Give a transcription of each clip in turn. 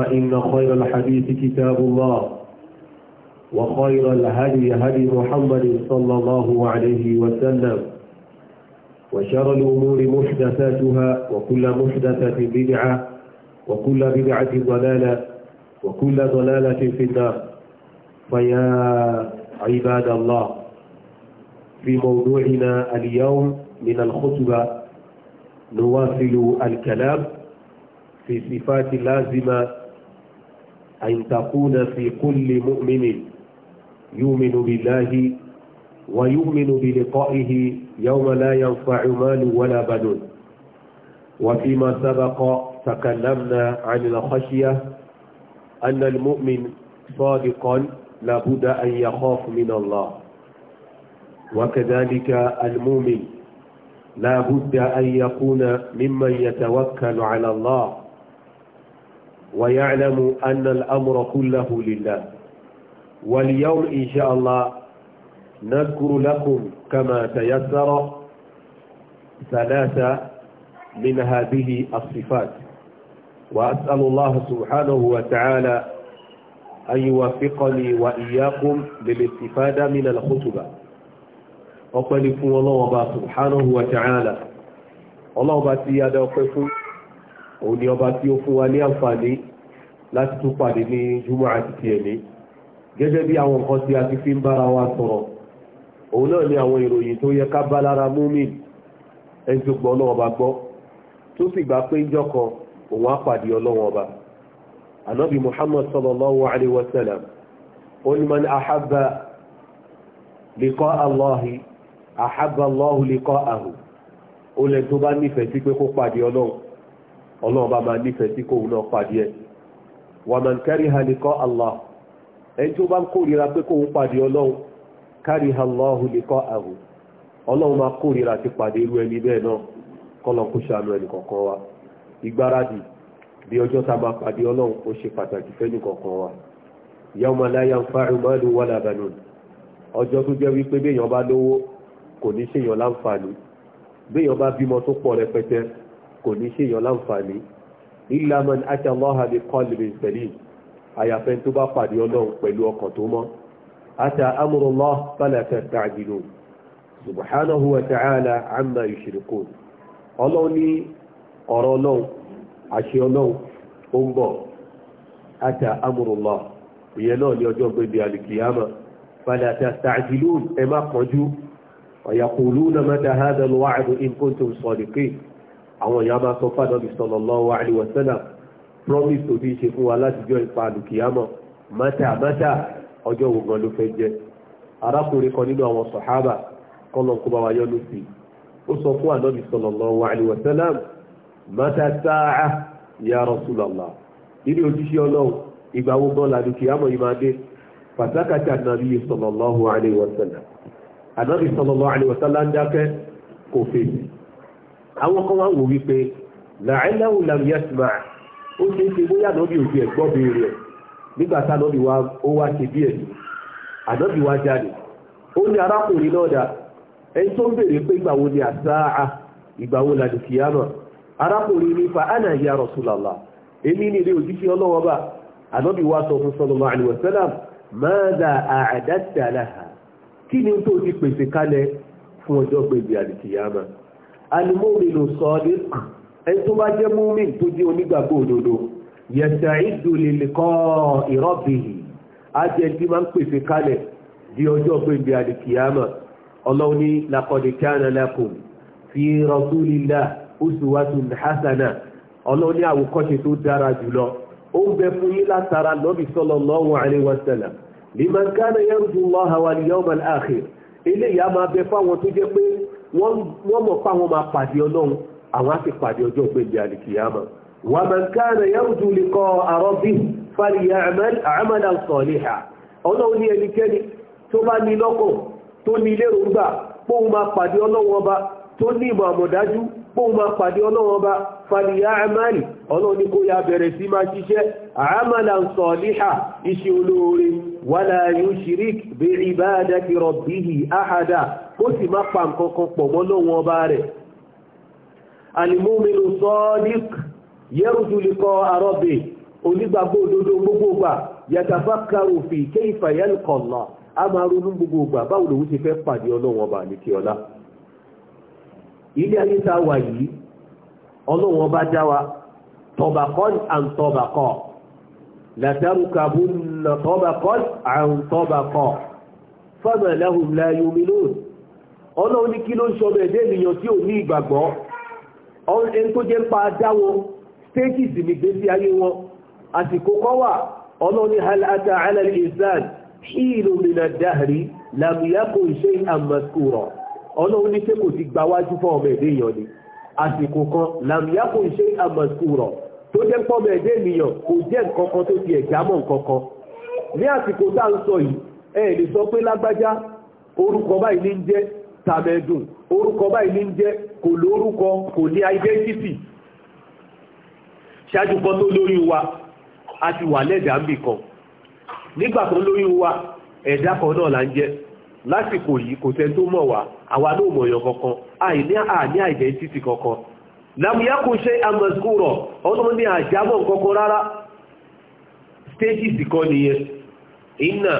فإن خير الحديث كتاب الله وخير الهدي هدي محمد صلى الله عليه وسلم وشر الأمور محدثاتها وكل محدثة بدعة وكل بدعة ضلالة وكل ضلالة في النار فيا عباد الله في موضوعنا اليوم من الخطبة نواصل الكلام في صفات لازمة أن تكون في كل مؤمن يؤمن بالله ويؤمن بلقائه يوم لا ينفع مال ولا بنون وفيما سبق تكلمنا عن الخشية أن المؤمن صادقا لابد أن يخاف من الله وكذلك المؤمن لابد أن يكون ممن يتوكل على الله ويعلم أن الأمر كله لله واليوم إن شاء الله نذكر لكم كما تيسر ثلاثة من هذه الصفات وأسأل الله سبحانه وتعالى أن يوفقني وإياكم للاستفادة من الخطبة ọpẹ́ الله سبحانه وتعالى الله subhanahu wa ta'ala òun ni ọba tí ó fún wa ní àǹfààní láti tún pàdé ní júmọ́ àti tiẹ̀ ní gẹ́gẹ́ bí àwọn nǹkan tí a ti fi ń bára wa sọ̀rọ̀ òun náà ni àwọn ìròyìn tó yẹ ká bá lára múmin ẹni tó gbọ́ ọlọ́wọ́ bá gbọ́ tó sì gbà pé ńjọ́ kan òun á pàdé ọlọ́wọ́ ọba muhammad sallallahu alayhi wa sallam ó ní man ahabba ọlọ́run bá máa nífẹ̀ẹ́ sí kóun náà pàdé ẹ̀ wàmàn kárí ha liqa Allah ẹni tó bá ń kórìíra pé pàdé ọlọ́run kárí ha Allahu liqa àhù ọlọ́run máa kórìíra ti pàdé irú ẹni bẹ́ẹ̀ náà kọ́lọ̀ kó ṣàánú kọ̀ọ̀kan wa ìgbáradì bí ọjọ́ a máa pàdé ọlọ́run ó ṣe pàtàkì kọ̀ọ̀kan wa kò ní ṣe yàn láǹfààní illa man ata Allaha bi qalbin salim àyàfẹ́ tó bá pàdé ọlọ́run pẹ̀lú ọkàn tó mọ́ ata amrullah fala tasta'jilun subhanahu wa ta'ala amma yushrikun ọlọ́run ní ọ̀rọ̀ ọlọ́run àṣẹ ọlọ́run ó ń bọ̀ ata amrullah ìyẹn náà ní ọjọ́ gbé in kuntum sadiqin àwọn èèyàn máa sọ fádọ́bì sallallahu alaihi wasallam promise tó bí ṣe fún wa láti jọ ipa àlùkìyàmọ̀ mátà mátà ọjọ́ ògùn ló fẹ́ jẹ́ arákùnrin kan nínú àwọn sọ̀hábà kọ́lọ̀ kó bá wa yọ́nú sí ó sọ fún ànábì sallallahu alaihi wasallam mátà sáà ya Rasulullah nínú òjíṣẹ́ ọlọ́run ìgbà wo gan làlùkìyàmọ̀ yìí máa dé fàtàkàtà nàbí sallallahu alaihi wasallam ànábì àwọn kan wá wò wípé làálẹ́wò lam yasma ó ṣe é ṣe bóyá nọ́bì òbí ẹ̀ gbọ́ béèrè ẹ̀ nígbà tá nọ́bì wa ó wá ṣe bí ẹ̀sìn ànọ́bì wa jáde ó ní arákùnrin náà ẹni tó ń béèrè pé ìgbà ni àsáà ìgbà làdì kìyàmà arákùnrin ní fa ana ya Rasulallah èmi ní ilé òjíṣẹ́ sọ fún alimominu sọ́ọ́dí ẹni tó bá jẹ́ mọ́mìn tó jẹ́ onígbàgbọ́ òdodo yẹ̀sẹ̀ ìdúlélẹ́kọ́ ìrọ́bìhì ajẹ́ tí máa ń pèsè kalẹ̀ di ọjọ́ gbẹ̀gbẹ̀ àdìkìyàmà ọlọ́run ní laqad kana lakum fi rasulillah uswatun hasana ọlọ́run ní àwòkọ́ṣe máa bẹ fáwọn tó jẹ́ pé wọ́n mọ̀ pa àwọn máa pàdé ọlọ́run àwọn á sì pàdé ọjọ́ ògbéǹde àlìkìyàmọ̀ wà man kana yarju liqa rabbi falya'mal 'amalan salihan ọlọ́run ní ẹnikẹ́ni tó bá ní lọ́kàn tó ní ilé òǹgbà póun máa pàdé ọlọ́run ọba tó ní ìmọ̀ àmọ̀dájú póun máa pàdé ọlọ́run ọba falya'mal ọlọ́run ní kó ya bẹ̀rẹ̀ sí máa ṣiṣẹ́ 'amalan salihan iṣẹ́ olóore wala yushrik bi'ibadati rabbihi ahada kó sì má pa nǹkan kan pọ̀ mọ́ lọ́wọ́ ọba rẹ̀ alimominu sọ́ọ́dík yẹ́rùjú likọ́ arọ́bì onígbàgbọ́ òdodo gbogbogbà yàtàfàkàrù fi kayfa yalqa Allah a máa ronú gbogbogbà báwo lòun ti fẹ́ pàdé ọlọ́wọ́ ọba àlekè ọlá ilé ayé tá a wà yìí ọlọ́wọ́ ọba dá wa tọ̀bàkọ́n àǹtọ̀bàkọ́ làtàrùkàbùn nà tọ̀bàkọ́n àǹtọ̀bàkọ́ fama lahum la yu'minun ọlọ́run ní kí ló ń sọ́dọ̀ ẹ̀dẹ́ ènìyàn tí ò ní ìgbàgbọ́ ẹni tó jẹ́ ń pa dáwọ stages ìgbésí ayé wọn àsìkò kọ́ wà ọlọ́run ní halata alal insan ṣíìlú mina dahri làmìyàkó iṣẹ́ àmàkùrọ̀ ọlọ́run ní pé kò ti gbà wájú fún ọmọ ẹ̀dẹ́ èèyàn ni àsìkò kan làmìyàkó iṣẹ́ àmàkùrọ̀ tó jẹ́ pọ́mọ ẹ̀dẹ́ ènìyàn kò jẹ́ nǹkan kan tó ti ẹ̀já mọ́ nǹkan kan ní àsìkò tá à ń sọ yìí ẹ lè sọ pé lágbájá orúkọ báyìí ní ń jẹ́ tàmẹ̀dùn orúkọ báyìí ní jẹ́ kò lórúkọ kò ní identity ṣáájú kan tó lóyún wa a ti wà lẹ́dàá ń bì kan nígbà tó lóyún wa ẹ̀dá kan náà là ń jẹ́ lásìkò yìí kò tẹ́ tó mọ̀ wá àwa náà mọ̀ èèyàn kankan àìní àní identity kankan lámúyákùn ṣe àmọ̀síkúrọ̀ ọdún ní àjábọ̀ kankan rárá stages kan nìyẹn iná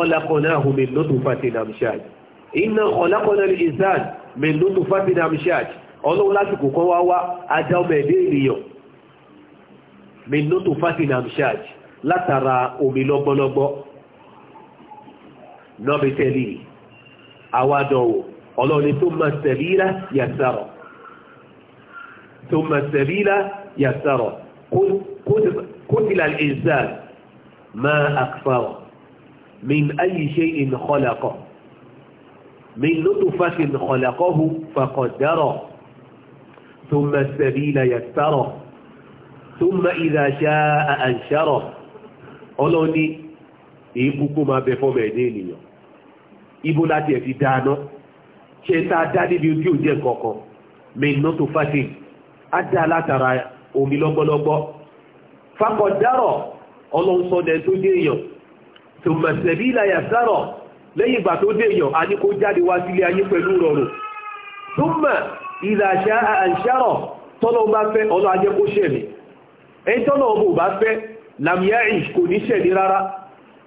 ọlákan náà hùmí lótùfàtì nàmṣáàjì iná ọ̀lákọ̀ọ́lẹ̀ ìsàn mẹ́lúnú fatin amshaj ọlọ́run lásìkò kan wá wá ajá ọmọ ẹ̀dẹ́ ènìyàn mẹ́lúnú fatin amshaj látara omi lọ́gbọ́lọ́gbọ́ nọ́bi tẹ̀lé àwádọ́wò ọlọ́run tó mọ̀ sẹ̀bílá yàtàrọ̀ tó mọ̀ sẹ̀bílá yàtàrọ̀ قتل الإنسان ما أكفره من أي شيء خلقه من لطفة خلقه فقدره ثم السبيل يسره ثم إذا شاء أنشره ọlọ́run ní ìbùkún máa bẹ fọ́mọ ẹ̀ ní ènìyàn ibo láti ẹ̀ fi dáná ṣe tá a dá níbi ojú òjẹ́ kankan mẹ́nà tó fàṣẹ á dá látara omi lọ́gbọ́lọ́gbọ́ fakọ̀dárọ̀ ọlọ́run sọ́dẹ̀ tó dé èèyàn tòmọ̀sẹ̀bí lẹ́yìn ìgbà tó dèèyàn a ní kó jáde wá sílé ayé pẹ̀lú rọrùn túmọ̀ ìlàṣà àṣàrọ̀ tọ́lọ́ bá fẹ́ ọlọ́ ajẹ́ kó ṣẹ̀mí ẹni tọ́lọ́ ọmọ bá fẹ́ làmìyà ìṣ kò ní ṣẹ̀mí rárá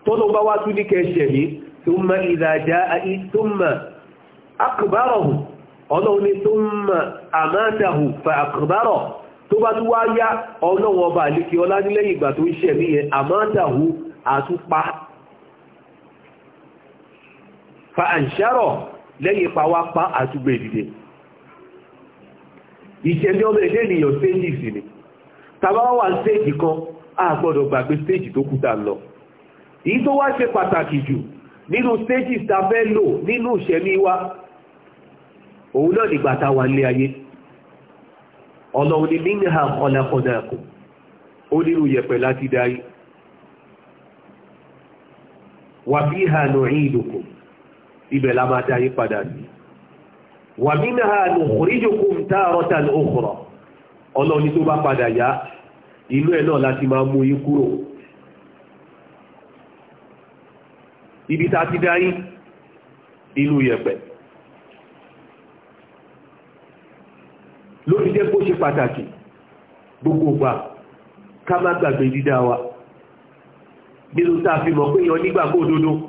tọ́lọ́ bá wá tún ní kẹ́ ṣẹ̀mí túmọ̀ ìlàṣà túmọ̀ akùbárọ̀hù ọlọ́run ní túmọ̀ àmátàhù tó bá tún wá yá ọlọ́run ọba àlékè ọlá nílẹ́yìn ìgbà tó ń ṣẹ̀mí yẹn àmátàhù àtúpa fa àǹṣàrọ̀ lẹ́yìn pa àtúgbò ìdìde e ìṣẹ̀lẹ̀ ọmọ èdè ènìyàn stéjì sí ni tàbá wà stéjì kan a gbọ́dọ̀ gbàgbé stéjì tó kúta lọ èyí tó wá ṣe pàtàkì jù nínú stéjì tá nínú wa òun náà nígbà tá a wà nílé ayé yẹ̀pẹ̀ láti ibẹ̀ la máa dáyé padà sí wà nínú àánú oríjòkún táàrọ́tà ní òkùrọ̀ ọlọ́ni tó bá padà yá inú ẹ̀ náà láti máa mú yín kúrò ibi tá ti dáyé inú yẹ̀pẹ̀ lórí jẹ́ kó ṣe pàtàkì gbogbo gbà ká má gbàgbé dídá wa nínú tá pé yan nígbàgbọ́ òdodo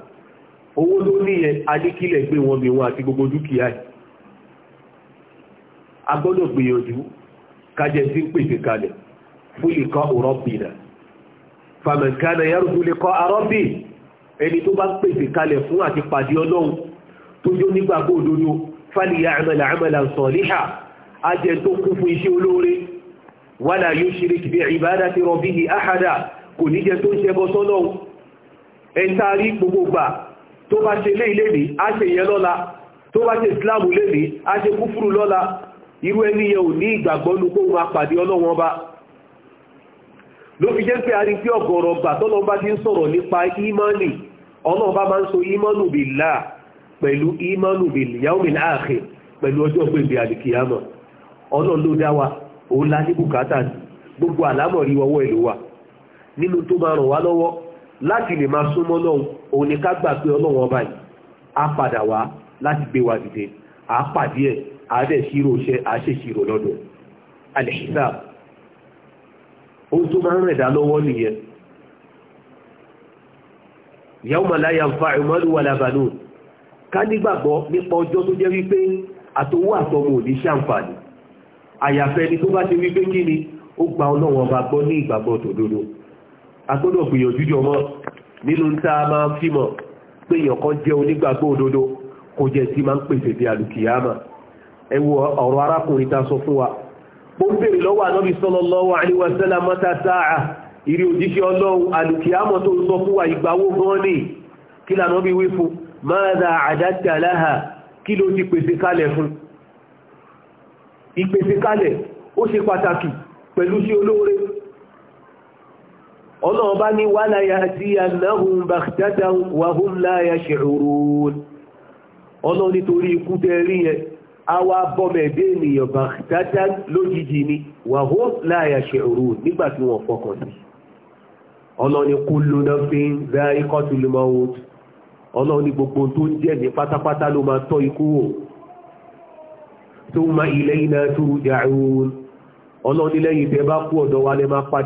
owó ló ní yẹn adékílẹ̀ gbé wọn bí wọn àti gbogbo dúkìá ẹ̀ a gbọ́dọ̀ gbìyànjú kájẹ sí ń pèsè kalẹ̀ fún ìkọ́ òrọ́bì náà fàmẹ̀kánà yẹ́rùkú lè kọ́ arọ́bì ẹni tó bá pèsè kalẹ̀ fún àti pàdé ọlọ́run tó jẹ́ tó gbogbo gbà tó bá ṣe lé ilé ní a ṣe ìyẹn lọ́la tó bá ṣe islam lé ní a ṣe kúfúrú lọ́la irú ẹni yẹn ò ní ìgbàgbọ́ nu kó máa pàdé ọlọ́wọ́n bá ló fi jẹ́ pé a rí pé ọ̀gọ̀rọ̀ gbà tọ́lọ́ bá ti ń sọ̀rọ̀ nípa ìmánì ọlọ́run bá máa ń so ìmánù billah pẹ̀lú ìmánù bil yawmil akhir pẹ̀lú ọjọ́ gbèbè àdìkìyàmọ̀ ọlọ́run ló dá wa òun láti lè máa súnmọ́ lọ́hùn òun ni ká gbà pé ọlọ́run ọba yìí á padà wá láti gbé wa dìde à á pàdé ẹ̀ à dẹ̀ ṣírò iṣẹ́ à ṣe ṣírò lọ́dọ̀ alẹ́ṣíṣà ohun tó máa ń rẹ̀dá lọ́wọ́ nìyẹn yawma la yanfa'u malun wala banun ká nígbàgbọ́ nípa ọjọ́ tó jẹ́ wípé àtowó àtọmọ ni tó bá ti ni ó gba ọlọ́run ọba gbọ́ ní agbọ́dọ̀ gbìyànjú jọ mọ́ nínú ń tá a máa fi mọ̀ pé èèyàn jẹ́ onígbàgbọ́ òdodo kò jẹ́ tí máa ń pèsè di àlùkìyàmà ẹ wo ọ̀rọ̀ arákùnrin ta sọ fún wa ó ń lọ́wọ́ ànábì sallallahu alaihi wasallam mọ́ta sáà ìrí òjíṣẹ́ ọlọ́run àlùkìyàmọ̀ tó sọ fún wa ìgbàwó gan ọlọ́run bá ní wala ya'tiyannahum baghtatan wa hum la yash'urun ọlọ́run nítorí ikú tẹ́ rí yẹn a wá bọ́mẹ̀ dé ènìyàn baghtatan lójijì ni wa hum la yash'urun nígbà tí wọ́n fọkàn sí ọlọ́run ní kullu nafsin dha'iqatul maut ọlọ́run ní gbogbo tó ń jẹ́ ní pátápátá ló máa tọ́ ikú wò thumma ilayna turja'un ọlọ́run ní lẹ́yìn tẹ́ bá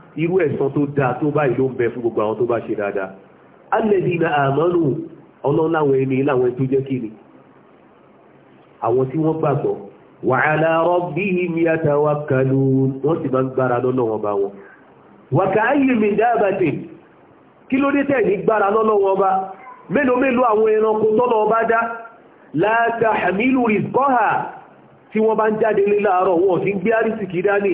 irú ẹ̀san tó dáa tó báyìí ló ń bẹ fún gbogbo àwọn tó bá ṣe dáadáa alladhina amanu ọlọ́run láwọn ẹni láwọn tó jẹ́ kí ni àwọn tí wọ́n gbàgbọ́ wa ala rabbihim yatawakkalun wọ́n sì máa ń gbára lọ́nà wọn bá wọn wa ka'ayyin min dabbatin kí ló dé tẹ̀ gbára lọ́nà wọn bá mélòó mélòó àwọn ẹranko tọ́nà ọba dá la tahmilu rizqaha tí wọ́n bá ń jáde lé láàárọ̀ wọn ò sí ń gbé àrísìkí dání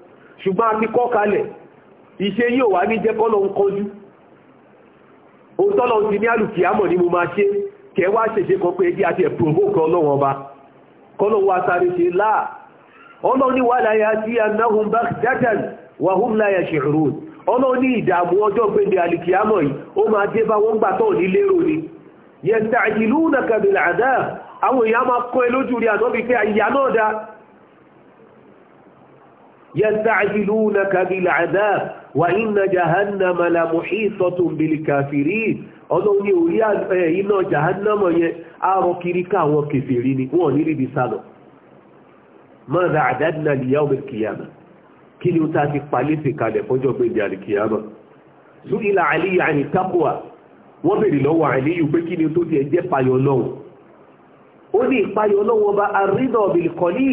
ṣùgbọ́n a ti kọ́ kalẹ̀ iṣẹ́ yíò wá ní jẹ́ kọ́lọ̀ ń kọjú ohun ti ní àlùkì àmọ̀ ni mo máa ṣe kẹ́ wá ṣèṣe kan pé kí a ti ẹ̀pùròvó kan lọ́wọ́n ọba kọ́lọ̀ wa sáré ṣe láà ọlọ́ni wà láyé àti anáhùn bá dáadáa wà hùm láyé ṣèrò ọlọ́ni ìdààmú ọjọ́ gbẹ̀dẹ̀ àlùkì àmọ̀ yìí ó máa yasta'jilunaka bil adab wa inna jahannama la muhitatun bil kafirin ọlọ́run ní orí iná jahannama yẹn àrọ kiri ká àwọn kèfèrí ni wọ́n ní ríbi sálọ madha a'dadna li yawm al qiyamah kí ni ó tá ti palẹ́sì kalẹ̀ fọ́jọ́ pé di àlìkìyàmà súnilà àlíyù àní tápùwà wọ́n bèèrè lọ́wọ́ àlíyù pé kí ni tó ti ẹjẹ́ payọ̀ lọ́wọ́ ó ní ìpayọ̀ lọ́wọ́ bá àrídọ̀ bìlìkọ́lì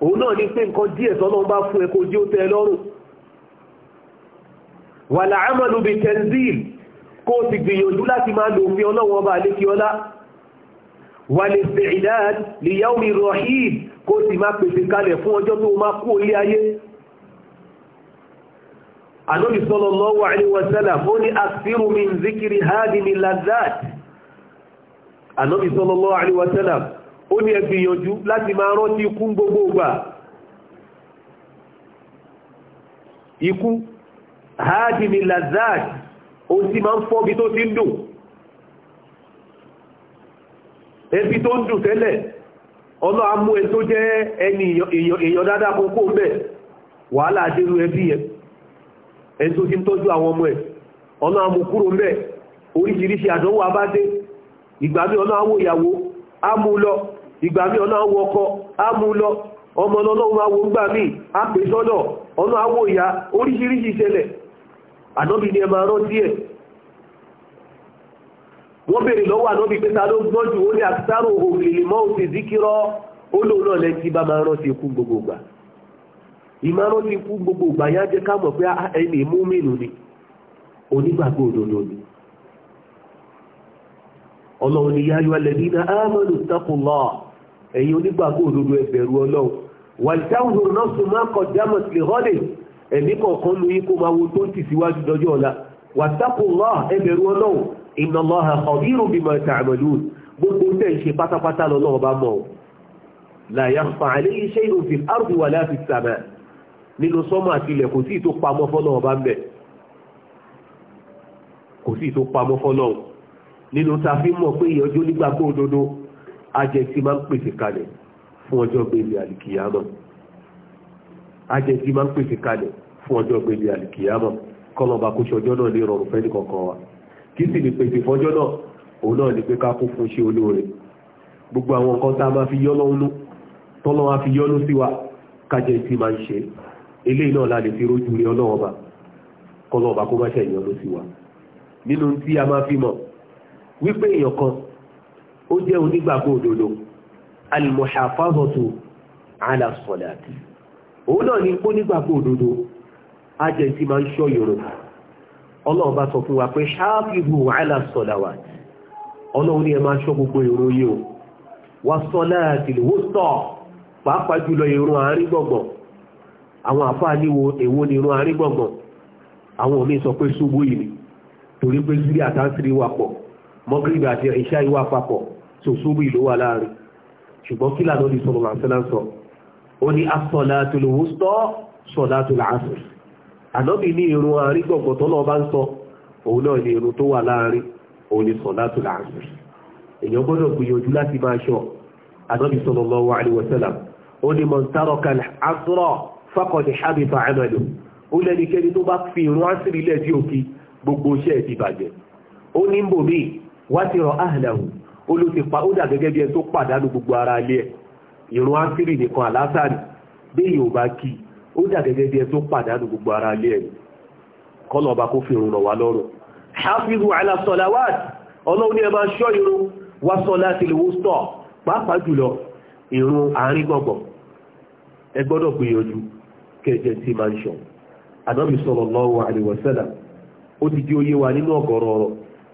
òun náà ní pé nǹkan díẹ̀ sọ́nà bá fún ẹkọ jí ó tẹ́ lọ́rùn wà láàmàlú bí tenzil kó o ti gbìyànjú láti máa lò fi ọlọ́wọ́ bá lé kí ọlá wà lè fẹ̀ ìdáhàn lè yá omi rọ̀hìn kó o sì máa pèsè kalẹ̀ fún ọjọ́ tó máa kú ilé ayé ànọ́bì sallallahu alaihi wa ó ní àṣírù min zikiri hádìmí lazat ànọ́bì sallallahu alaihi wa ó ní ẹgbìyànjú láti máa rántí ikú gbogbo ìgbà ikú hajjimi lazard ó sì máa ń fọ́bi tó ti ń dùn ẹbí tó ń dùn tẹ́lẹ̀ ọlọ́ amú ẹ tó jẹ́ ẹni èèyàn dáadáa kó kó mẹ́ wàhálà àdérú ẹbí yẹn ẹni tó ti ń tọ́jú àwọn ọmọ ẹ̀ ọlọ́ amú kúrò mẹ́ oríṣiríṣi àdánwò ìgbàmí ọlọ́ ìyàwó ìgbà mí ọ̀nà àwọn ọkọ ámúlọ ọmọ ọlọ́run awo ń gbà mí àpèsọ́nà ọ̀nà àwọ̀ ìyá oríṣiríṣi ìṣẹ̀lẹ̀ ànọ́bì ni ẹmà máa rántí wọ́n bèèrè lọ́wọ́ ànọ́bì pẹ́ta ló gbọ́n ó ní àtàrò ni ọlọ́run ni náà ẹ̀yin onígbàgbọ́ òdodo ẹ bẹ̀rù ọlọ́run wàlìtáwùn nọ́ọ̀sù máa kọ̀ jámọ̀ sí họ́dẹ̀ ẹ̀mí kọ̀ọ̀kan lu yín kó máa wo tó ń tì síwájú dọjọ́ ọ̀la wàtàkùnlá ẹ bẹ̀rù ọlọ́run innallaha khabirun bima ta'malun gbogbo tẹ̀ ń ṣe pátápátá lọ́lọ́run bá mọ̀ la yakhfa alayhi shay'un fil ardi wala fis sama' nínú sọ́mọ́ àti ilẹ̀ kò sí ìtò pamọ́ fọ́lọ́run bá ń kò sí ìtò pamọ́ fọ́lọ́run nínú ta fi mọ̀ pé ìyọjú nígbàgbọ́ òdodo ajẹ́ tí máa ń pèsè kalẹ̀ fún ọjọ́ gbèlè àlìkìyàmọ̀ ajẹ́ tí máa ń pèsè kalẹ̀ fún ọjọ́ gbèlè àlìkìyàmọ̀ kọ́mọ bá kó ṣọjọ́ náà ní ìrọ̀rùn fẹ́ nìkọ̀ọ̀kan wa kí sì ní pèsè wa fi yọ́nú sí wa kájẹ́ tí máa ń ṣe eléyìí náà la lè fi rójú rí ọlọ́wọ́ bá wípé èèyàn kan ó jẹ́ onígbàgbọ́ òdodo ododo ala salat òun náà ni onígbàgbọ́ òdodo ajẹ́sí máa ń ṣọ́ ìrun ọlọ́run bá sọ fún wa pé ṣáàfihù ala salawat ọlọ́run ní ẹ o àwọn àfáà ní èwo ni ìrun àárín gbọ̀ngbọ̀n àwọn omi sọ pé ṣubú tori torí pé wà pọ̀ àti ìṣá ìwà papọ̀ tó ṣubú ìlú wà láàrin ṣùgbọ́n kí lànà ní sọ̀rọ̀ àṣẹlá sọ ó ní as-salatul wusta salatul asr ànábì ní irun àrígbọ̀gbọ̀ tó náà bá ń sọ òun náà ní irun tó wà láàrin òun ní salatul asr èèyàn gbọ́dọ̀ gbìyànjú láti máa ṣọ ànábì sallallahu alaihi wasallam ó ní man taraka al-asr faqad habita 'amaluhu ó lẹ́nikẹ́ni tó bá fi ti bàjẹ́ ahlahu ó ló ti pa ó dà gẹ́gẹ́ bí ẹni tó pàdánù gbogbo ara ilé ẹ̀ ìrún ánsírì nìkan àlásàrì béèyàn ò bá kí ó dà gẹ́gẹ́ bí ẹni tó pàdánù gbogbo ara ilé ẹ̀ kọ́nà ọba kó fi ìrun rọ̀ wá lọ́rùn hafizu ala salawat ọlọ́run ní ẹ máa ṣọ́ ìrun wá salatil wusta pàápàá jùlọ ìrun àárín gbọ̀ngbọ̀n ẹ gbọ́dọ̀ gbìyànjú kẹjẹ tí máa ń ṣọ ànábì sallallahu alaihi wasallam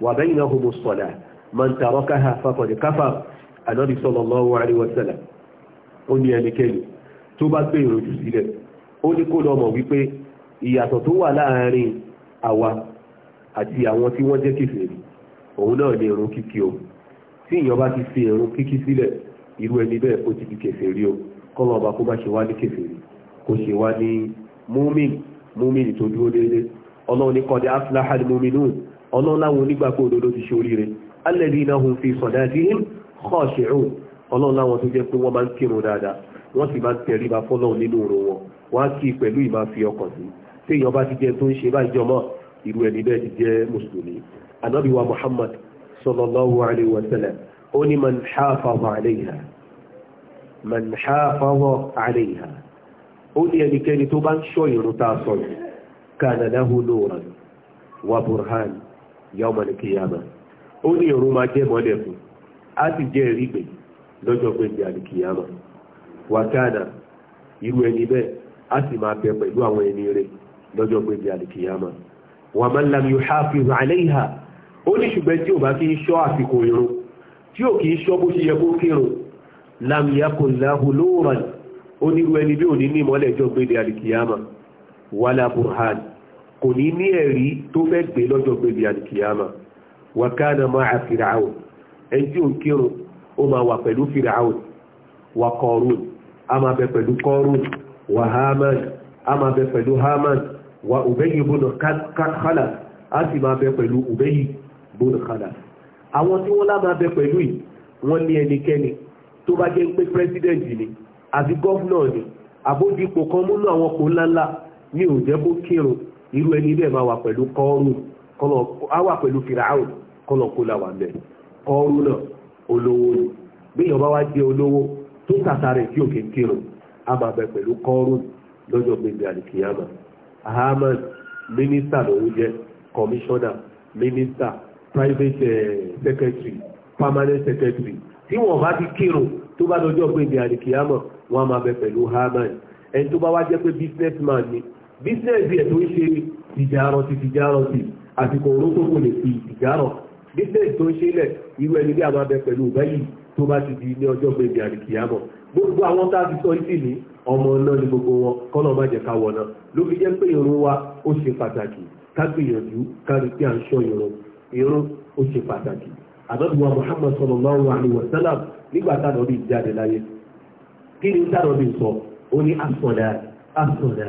wa baynahumu as na man tarakaha faqad kafar ànábì sallallahu alaihi wa sallam ó ní ẹnikẹ́ni tó bá gbé ìròjù sílẹ̀ ó àwa àti àwọn tí wọ́n jẹ́ kèfèrí òun náà ni ìrun kíkí o tí èèyàn ti fi ìrun kíkí sílẹ̀ irú ẹni bẹ́ẹ̀ ó ti fi kèfèrí o kọ́mọ ọba kó bá ṣe wá ní kèfèrí kó ṣe wá ní múmin tó dúró déédéé ọlọ́run ní ọlọ́run láwọn onígbàgbọ́ òdodo ti ṣe oríire alladhina hum fi salatihim khashi'un ọlọ́run láwọn tó jẹ́ pé wọ́n máa ń kírun dáadáa wọ́n sì máa ń tẹríba fọ́lọ́run nínú òru wọn wọ́n á kí i pẹ̀lú ìmáa fi ọkàn sí téèyàn bá ti jẹ́ tó ń ṣe báyìí jọmọ́ irú ẹni bẹ́ẹ̀ ti jẹ́ mùsùlùmí anábì muhammad sallallahu alayhi ó ní man hafaza alayha man hafaza yawma al-qiyamah ó ní ìrun máa jẹ́ mọ́lẹ̀ fún á sì jẹ́ ẹ̀rí pé lọ́jọ́ pé ti àlìkìyàmà wàkánà irú ẹni bẹ́ẹ̀ á sì máa bẹ pẹ̀lú àwọn ẹni rẹ̀ lọ́jọ́ pé ti àlìkìyàmà wà man lam yuhafiz alayha ó ní ṣùgbọ́n tí ò bá kí ń ṣọ́ àsìkò irun tí ò kì í ṣọ́ bó ṣe yẹ kó kírun lam yakun lahu nuran ó ní irú ẹni bí ò ní ní ìmọ́lẹ̀ jọ́ pé ti àlìkìyàmà wàlá burhan kò ní ní ẹ̀rí tó fẹ́ gbé lọ́jọ́ gbèbí alìkìyàmà wàkánà máa fìràáwò ẹni tí ó ń kírun ó máa wà pẹ̀lú fìràáwò wà kọrún a máa bẹ pẹ̀lú kọrún wà haman a máa bẹ pẹ̀lú haman wà ubeyi bónà kálà a sì máa bẹ pẹ̀lú ubeyi bónà kálà àwọn tí wọ́n lá máa bẹ pẹ̀lú yìí wọ́n ní ẹnikẹ́ni tó bá jẹ́ pé president ni àti gọ́fúnà ni àbójúpò kan múnú àwọn kò ńláńlá ní òjẹ́ bó irú ẹni bẹ́ẹ̀ máa wà pẹ̀lú kọ́ọ̀rù á wà pẹ̀lú fìràáù kọ́lọ̀ kó la wà mẹ́ kọ́ọ̀rù náà olówó ni bíyàn bá wá jẹ́ olówó tó tàta rẹ̀ tí òkè kírun á máa bẹ pẹ̀lú kọ́ọ̀rù lọ́jọ́ gbèbè àdìkìyàmà Ahmed mínísítà lòún jẹ́ kọmíṣọ́nà mínísítà private eh, secretary permanent secretary tí wọ́n bá ti kírun tó bá lọ́jọ́ gbèbè àdìkìyàmà wọ́n á máa bẹ pẹ̀lú Ahmed ẹni tó bá wá jẹ́ pé businessman ni bísínẹ́sì ẹ̀ tó ń ṣe tìjàrọ̀ ti tìjàrọ̀ ti àsìkò oró tó kò lè fi tìjàrọ̀ bísínẹ́sì tó ń ṣe lẹ̀ irú ẹni bí a máa bẹ pẹ̀lú báyìí tó bá ti di ní ọjọ́ gbèdé àríkìyàmọ̀ gbogbo àwọn tá a ti sọ ìsì ní ọmọ náà ni gbogbo wọn kọ́nà má jẹ́ ká wọ̀ náà ló fi jẹ́ pé ìrun wa ó ṣe pàtàkì ká gbìyànjú ká rí pé à ń ṣọ́ Muhammad sallam nígbà tánà bí jáde láyé kí ni tánà bí sọ ó ní asọ̀dà asọ̀dà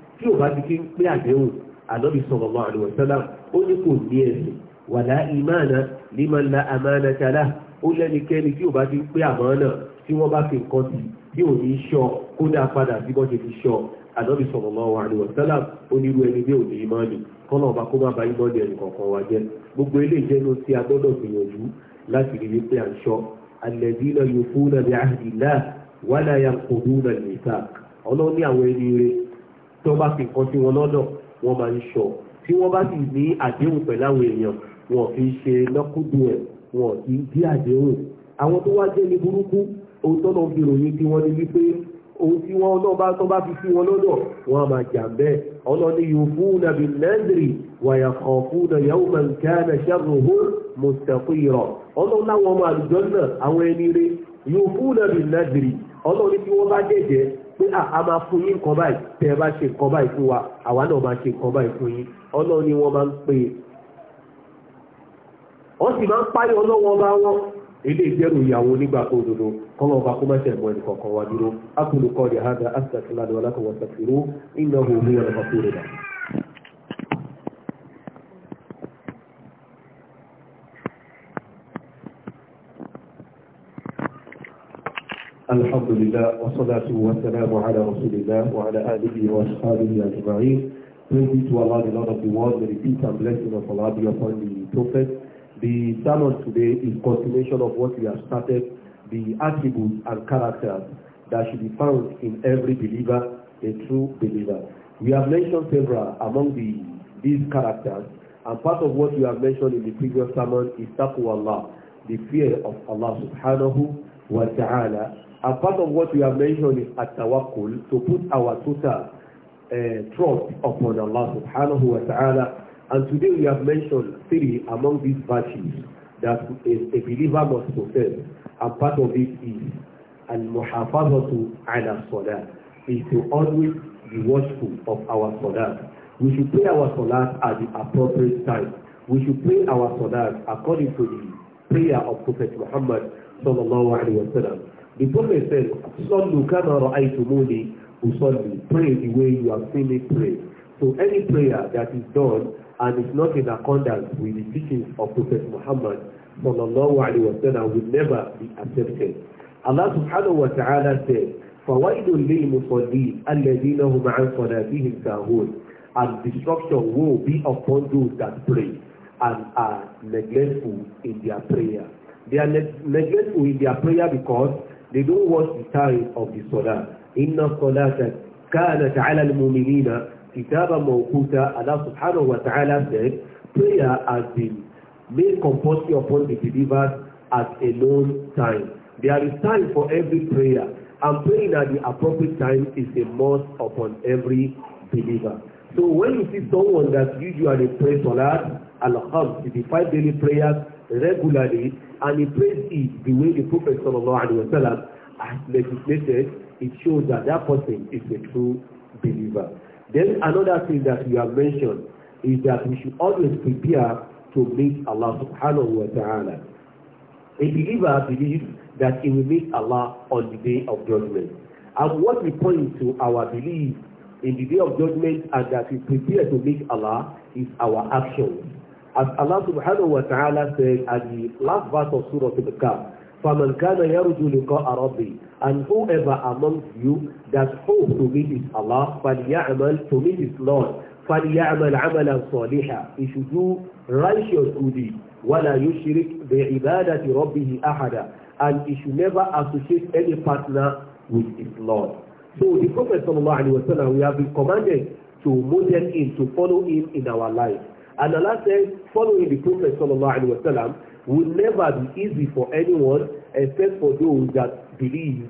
tí ò bá ti fi ń pé àdéhùn ànábì sallallahu alaihi wasallam ó ní kò ní ẹ̀sìn wàlá ìmáàna liman la amanata lahu ó lẹ́nikẹ́ni tí ò bá ti ń pé àmánà tí wọ́n bá fi nǹkan sí tí ò ní í ṣọ kódà padà bí wọ́n ṣe fi ṣọ ànábì sallallahu alaihi wasallam onírú ẹni bí òní ìmánì kọ́nà ọba kó má ba ìmánì ẹnì àwọn ẹni rẹ̀ tí wọ́n bá fi nǹkan sí wọn lọ́dọ̀ wọ́n máa ń ṣọ tí wọ́n bá sì ní àdéhùn pẹ̀lú àwọn èèyàn wọn kì í ṣe lọ́kùdù ẹ̀ wọn kì í dí àdéhùn àwọn tó wá jẹ́ ní burúkú ohun tó lọ fi ròyìn tí wọ́n ní wípé ohun tí wọ́n náà bá tó bá fi sí wọn lọ́dọ̀ wọn a máa jà bẹ́ẹ̀ ọlọ́ni yufuna bin nadri wa yakhafuna yawman kana sharruhu mustaqira ọlọ́run láwọn ọmọ àlùjọ náà àwọn ẹni rẹ̀ yufuna bin nadri ọlọ́ni tí wọ́n bá jẹ́jẹ́ pé ah, a máa fún yín nǹkan báyìí tẹ́ ẹ bá ṣe nǹkan báyìí fún wa àwa náà máa ṣe nǹkan báyìí fún yín ọlọ́run ni wọ́n máa ń pè é wọ́n sì máa ń páyọ̀ ọlọ́wọ́n bá wọn ilé ìjẹ́rù ìyàwó nígbà tó dodo kọ́mọ ọba kó má ṣe ẹ̀mọ́ ẹnì kọ̀ọ̀kan wa dúró الحمد لله والصلاة والسلام على رسول الله وعلى آله وأصحابه أجمعين. Praise be to Allah, the Lord of the world, the peace and blessing of Allah be upon the Prophet. The sermon today is continuation of what we have started, the attributes and characters that should be found in every believer, a true believer. We have mentioned several among the, these characters, and part of what we have mentioned in the previous sermon is taqwa Allah, the fear of Allah subhanahu wa ta'ala, A part of what we have mentioned is at-tawakkul, to put our total uh, trust upon Allah subhanahu wa ta'ala. And today we have mentioned three among these virtues that a, a believer must possess. And part of it is al-muhafazatu ala salah, is to always be watchful of our salah. We should pray our salah at the appropriate time. We should pray our salah according to the prayer of Prophet Muhammad sallallahu alaihi wasallam. It only says, Sallu kama ra'aytumuni usalli. Pray the way you have seen me pray. So any prayer that is done and is not in accordance with the teachings of Prophet Muhammad sallallahu alaihi wasallam will never be accepted. Allah subhanahu wa ta'ala said, فَوَيْلٌ لِلْمُصَلِّينَ الَّذِينَ هُمْ عَنْ صَلَاتِهِمْ سَاهُونَ And destruction will be upon those that pray and are neglectful in their prayer. They are neglectful in their prayer because They don't watch the time of the salah. Inna salata kanat ala al-mu'minina kitaban mawquta. Allah subhanahu wa ta'ala said, prayer has been made compulsory upon the believers at a known time. There is time for every prayer, and praying at the appropriate time is a must upon every believer. So when you see someone that usually prays salat, al-khams, the five daily prayers, regularly and he prays it the way the Prophet sallallahu alaihi wasallam has legislated, it shows that that person is a true believer. Then another thing that we have mentioned is that we should always prepare to meet Allah subhanahu wa ta'ala. A believer believes that he will meet Allah on the day of judgment. And what we point to our belief in the day of judgment and that we prepare to meet Allah is our actions. As Allah subhanahu wa ta'ala said at the last verse of Surah Al-Kahf, فَمَنْ كَانَ يَرْجُو لِقَاءَ رَبِّهِ And whoever amongst you that hope to meet his Allah, فَلْيَعْمَلْ to meet his Lord, فَلْيَعْمَلْ عَمَلًا صَالِحًا He should do righteous good deeds. ولا يشرك بِعِبَادَةِ رَبِّهِ أَحَدًا And he should never associate any partner with his Lord. So the Prophet sallallahu alayhi wa sallam, we have been commanded to move him, in, to follow him in our life. And Allah says, following the Prophet sallallahu alaihi wasallam will never be easy for anyone except for those that believe,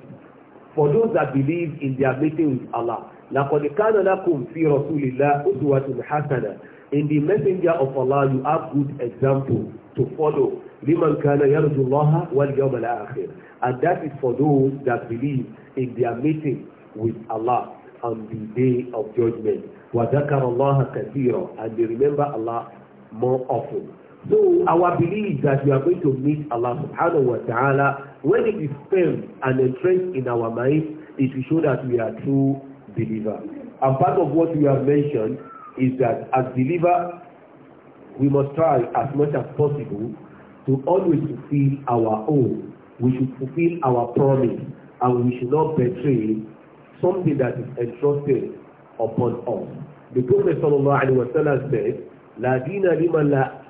for those that believe in their meeting with Allah. لَقَدْ كَانَ لَكُمْ فِي رَسُولِ اللَّهِ أُسْوَةٌ حَسَنَةٌ In the messenger of Allah, you have good example to follow. لِمَنْ كَانَ يَرْجُ اللَّهَ وَالْيَوْمَ الْآخِرِ And that is for those that believe in their meeting with Allah on the day of judgment. وذكر الله كثيرا and they remember Allah more often. So our belief that we are going to meet Allah subhanahu wa ta'ala when it is firm and entrenched in our mind it will show that we are true believers. And part of what we have mentioned is that as believers we must try as much as possible to always fulfill our own. We should fulfill our promise and we should not betray something that is entrusted upon all. The Prophet sallallahu alaihi wasallam said, La dina liman la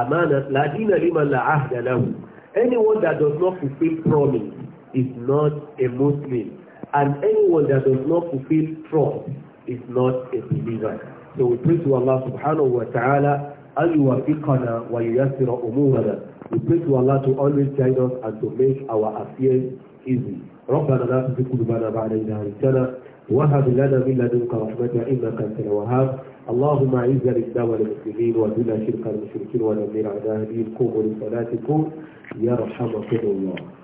amana, la liman la ahda lahu. Anyone that does not fulfill promise is not a Muslim. And anyone that does not fulfill trust is not a believer. So we pray to Allah subhanahu wa ta'ala, أن يوفقنا وييسر أمورنا. We pray to Allah to always guide us and to make our affairs easy. ربنا لا تزغ قلوبنا بعد إذ هديتنا وهب لنا من لدنك رحمة إنك أنت الوهاب اللهم أعز الإسلام والمسلمين وذل شرك المشركين ودمر أعداء قوموا لصلاتكم يرحمكم الله